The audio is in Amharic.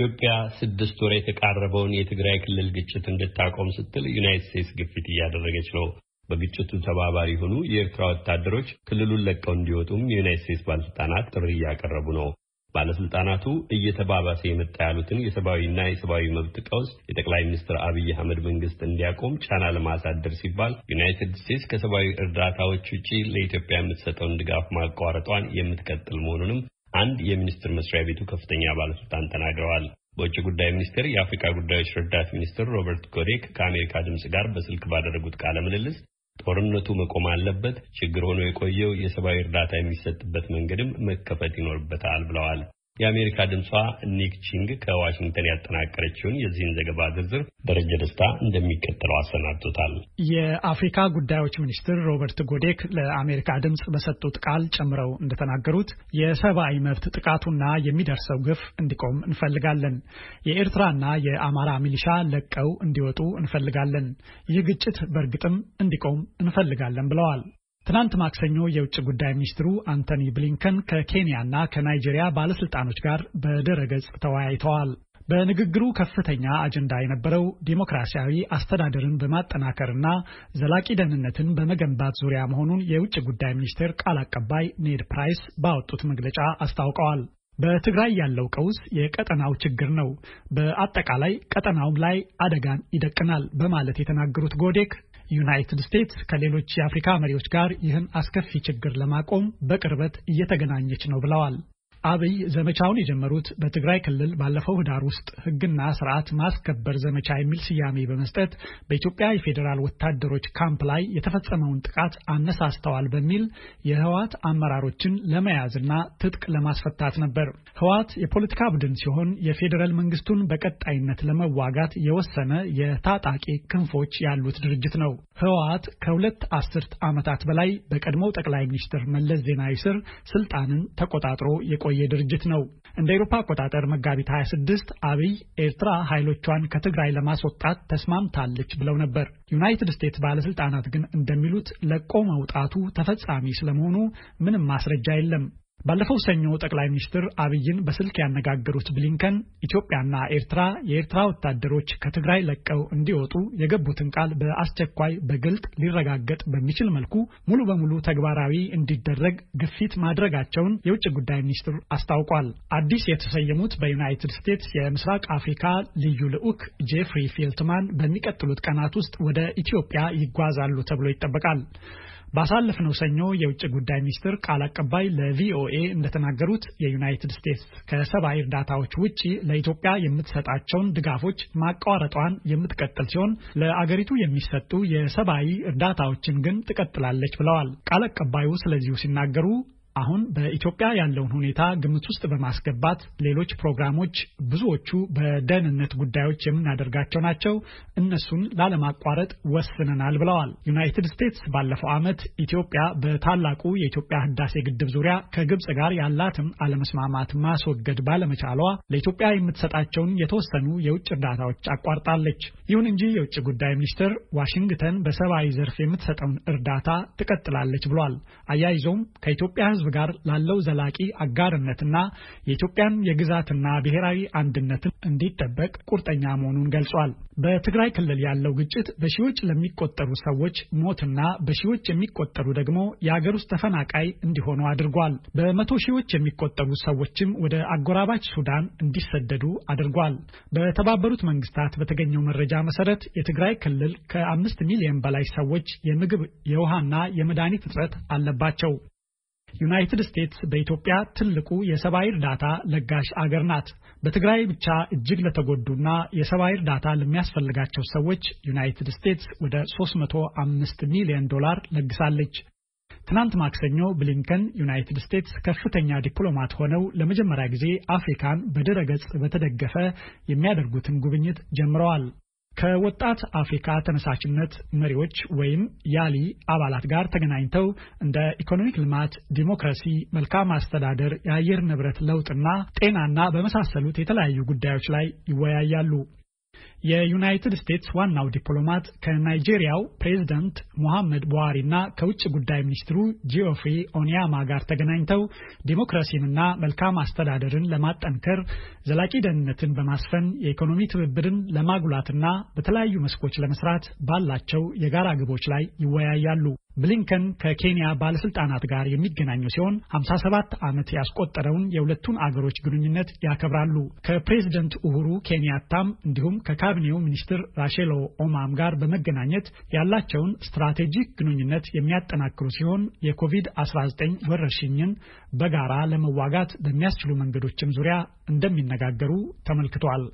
ኢትዮጵያ ስድስት ወር የተቃረበውን የትግራይ ክልል ግጭት እንድታቆም ስትል ዩናይትድ ስቴትስ ግፊት እያደረገች ነው። በግጭቱ ተባባሪ የሆኑ የኤርትራ ወታደሮች ክልሉን ለቀው እንዲወጡም የዩናይት ስቴትስ ባለስልጣናት ጥሪ እያቀረቡ ነው። ባለስልጣናቱ እየተባባሰ የመጣ ያሉትን የሰብአዊና የሰብአዊ መብት ቀውስ የጠቅላይ ሚኒስትር አብይ አህመድ መንግስት እንዲያቆም ጫና ለማሳደር ሲባል ዩናይትድ ስቴትስ ከሰብአዊ እርዳታዎች ውጪ ለኢትዮጵያ የምትሰጠውን ድጋፍ ማቋረጧን የምትቀጥል መሆኑንም አንድ የሚኒስቴር መስሪያ ቤቱ ከፍተኛ ባለስልጣን ተናግረዋል። በውጭ ጉዳይ ሚኒስቴር የአፍሪካ ጉዳዮች ረዳት ሚኒስትር ሮበርት ጎዴክ ከአሜሪካ ድምፅ ጋር በስልክ ባደረጉት ቃለ ምልልስ ጦርነቱ መቆም አለበት፣ ችግር ሆኖ የቆየው የሰብአዊ እርዳታ የሚሰጥበት መንገድም መከፈት ይኖርበታል ብለዋል። የአሜሪካ ድምጿ ኒክ ቺንግ ከዋሽንግተን ያጠናቀረችውን የዚህን ዘገባ ዝርዝር ደረጀ ደስታ እንደሚከተለው አሰናድቶታል። የአፍሪካ ጉዳዮች ሚኒስትር ሮበርት ጎዴክ ለአሜሪካ ድምፅ በሰጡት ቃል ጨምረው እንደተናገሩት የሰብአዊ መብት ጥቃቱና የሚደርሰው ግፍ እንዲቆም እንፈልጋለን። የኤርትራና የአማራ ሚሊሻ ለቀው እንዲወጡ እንፈልጋለን። ይህ ግጭት በእርግጥም እንዲቆም እንፈልጋለን ብለዋል። ትናንት ማክሰኞ የውጭ ጉዳይ ሚኒስትሩ አንቶኒ ብሊንከን ከኬንያና ከናይጄሪያ ባለስልጣኖች ጋር በደረገጽ ተወያይተዋል። በንግግሩ ከፍተኛ አጀንዳ የነበረው ዲሞክራሲያዊ አስተዳደርን በማጠናከርና ዘላቂ ደህንነትን በመገንባት ዙሪያ መሆኑን የውጭ ጉዳይ ሚኒስቴር ቃል አቀባይ ኔድ ፕራይስ ባወጡት መግለጫ አስታውቀዋል። በትግራይ ያለው ቀውስ የቀጠናው ችግር ነው፣ በአጠቃላይ ቀጠናውም ላይ አደጋን ይደቅናል በማለት የተናገሩት ጎዴክ ዩናይትድ ስቴትስ ከሌሎች የአፍሪካ መሪዎች ጋር ይህን አስከፊ ችግር ለማቆም በቅርበት እየተገናኘች ነው ብለዋል። አብይ ዘመቻውን የጀመሩት በትግራይ ክልል ባለፈው ህዳር ውስጥ ህግና ስርዓት ማስከበር ዘመቻ የሚል ስያሜ በመስጠት በኢትዮጵያ የፌዴራል ወታደሮች ካምፕ ላይ የተፈጸመውን ጥቃት አነሳስተዋል በሚል የህወሓት አመራሮችን ለመያዝና ትጥቅ ለማስፈታት ነበር። ህወሓት የፖለቲካ ቡድን ሲሆን የፌዴራል መንግስቱን በቀጣይነት ለመዋጋት የወሰነ የታጣቂ ክንፎች ያሉት ድርጅት ነው። ህወሓት ከሁለት አስርት ዓመታት በላይ በቀድሞው ጠቅላይ ሚኒስትር መለስ ዜናዊ ስር ስልጣንን ተቆጣጥሮ የቆ የቆየ ድርጅት ነው። እንደ ኤሮፓ አቆጣጠር መጋቢት 26 አብይ ኤርትራ ኃይሎቿን ከትግራይ ለማስወጣት ተስማምታለች ብለው ነበር። ዩናይትድ ስቴትስ ባለስልጣናት ግን እንደሚሉት ለቆ መውጣቱ ተፈጻሚ ስለመሆኑ ምንም ማስረጃ የለም። ባለፈው ሰኞ ጠቅላይ ሚኒስትር አብይን በስልክ ያነጋገሩት ብሊንከን ኢትዮጵያና ኤርትራ የኤርትራ ወታደሮች ከትግራይ ለቀው እንዲወጡ የገቡትን ቃል በአስቸኳይ በግልጥ ሊረጋገጥ በሚችል መልኩ ሙሉ በሙሉ ተግባራዊ እንዲደረግ ግፊት ማድረጋቸውን የውጭ ጉዳይ ሚኒስትር አስታውቋል። አዲስ የተሰየሙት በዩናይትድ ስቴትስ የምስራቅ አፍሪካ ልዩ ልዑክ ጄፍሪ ፌልትማን በሚቀጥሉት ቀናት ውስጥ ወደ ኢትዮጵያ ይጓዛሉ ተብሎ ይጠበቃል። ባሳለፍነው ሰኞ የውጭ ጉዳይ ሚኒስትር ቃል አቀባይ ለቪኦኤ እንደተናገሩት የዩናይትድ ስቴትስ ከሰብአዊ እርዳታዎች ውጭ ለኢትዮጵያ የምትሰጣቸውን ድጋፎች ማቋረጧን የምትቀጥል ሲሆን ለአገሪቱ የሚሰጡ የሰብአዊ እርዳታዎችን ግን ትቀጥላለች ብለዋል። ቃል አቀባዩ ስለዚሁ ሲናገሩ አሁን በኢትዮጵያ ያለውን ሁኔታ ግምት ውስጥ በማስገባት ሌሎች ፕሮግራሞች ብዙዎቹ በደህንነት ጉዳዮች የምናደርጋቸው ናቸው። እነሱን ላለማቋረጥ ወስነናል ብለዋል። ዩናይትድ ስቴትስ ባለፈው ዓመት ኢትዮጵያ በታላቁ የኢትዮጵያ ህዳሴ ግድብ ዙሪያ ከግብፅ ጋር ያላትን አለመስማማት ማስወገድ ባለመቻሏ ለኢትዮጵያ የምትሰጣቸውን የተወሰኑ የውጭ እርዳታዎች አቋርጣለች። ይሁን እንጂ የውጭ ጉዳይ ሚኒስትር ዋሽንግተን በሰብአዊ ዘርፍ የምትሰጠውን እርዳታ ትቀጥላለች ብሏል። አያይዞም ከኢትዮጵያ ህዝብ ጋር ላለው ዘላቂ አጋርነትና የኢትዮጵያን የግዛትና ብሔራዊ አንድነትን እንዲጠበቅ ቁርጠኛ መሆኑን ገልጿል። በትግራይ ክልል ያለው ግጭት በሺዎች ለሚቆጠሩ ሰዎች ሞትና በሺዎች የሚቆጠሩ ደግሞ የአገር ውስጥ ተፈናቃይ እንዲሆኑ አድርጓል። በመቶ ሺዎች የሚቆጠሩ ሰዎችም ወደ አጎራባች ሱዳን እንዲሰደዱ አድርጓል። በተባበሩት መንግስታት በተገኘው መረጃ መሰረት የትግራይ ክልል ከአምስት ሚሊዮን በላይ ሰዎች የምግብ የውሃና የመድኃኒት እጥረት አለባቸው። ዩናይትድ ስቴትስ በኢትዮጵያ ትልቁ የሰብአዊ እርዳታ ለጋሽ አገር ናት። በትግራይ ብቻ እጅግ ለተጎዱና የሰብአዊ እርዳታ ለሚያስፈልጋቸው ሰዎች ዩናይትድ ስቴትስ ወደ 305 ሚሊዮን ዶላር ለግሳለች። ትናንት ማክሰኞ ብሊንከን ዩናይትድ ስቴትስ ከፍተኛ ዲፕሎማት ሆነው ለመጀመሪያ ጊዜ አፍሪካን በድረ ገጽ በተደገፈ የሚያደርጉትን ጉብኝት ጀምረዋል። ከወጣት አፍሪካ ተነሳሽነት መሪዎች ወይም ያሊ አባላት ጋር ተገናኝተው እንደ ኢኮኖሚክ ልማት፣ ዲሞክራሲ፣ መልካም አስተዳደር፣ የአየር ንብረት ለውጥና ጤናና በመሳሰሉት የተለያዩ ጉዳዮች ላይ ይወያያሉ። የዩናይትድ ስቴትስ ዋናው ዲፕሎማት ከናይጄሪያው ፕሬዚደንት ሞሐመድ ቡሃሪ እና ከውጭ ጉዳይ ሚኒስትሩ ጂኦፍሪ ኦኒያማ ጋር ተገናኝተው ዲሞክራሲንና መልካም አስተዳደርን ለማጠንከር ዘላቂ ደህንነትን በማስፈን የኢኮኖሚ ትብብርን ለማጉላትና በተለያዩ መስኮች ለመስራት ባላቸው የጋራ ግቦች ላይ ይወያያሉ። ብሊንከን ከኬንያ ባለስልጣናት ጋር የሚገናኙ ሲሆን 57 ዓመት ያስቆጠረውን የሁለቱን አገሮች ግንኙነት ያከብራሉ። ከፕሬዝደንት ኡሁሩ ኬንያታም እንዲሁም ከካ ከካቢኔው ሚኒስትር ራሼሎ ኦማም ጋር በመገናኘት ያላቸውን ስትራቴጂክ ግንኙነት የሚያጠናክሩ ሲሆን የኮቪድ-19 ወረርሽኝን በጋራ ለመዋጋት በሚያስችሉ መንገዶችም ዙሪያ እንደሚነጋገሩ ተመልክቷል።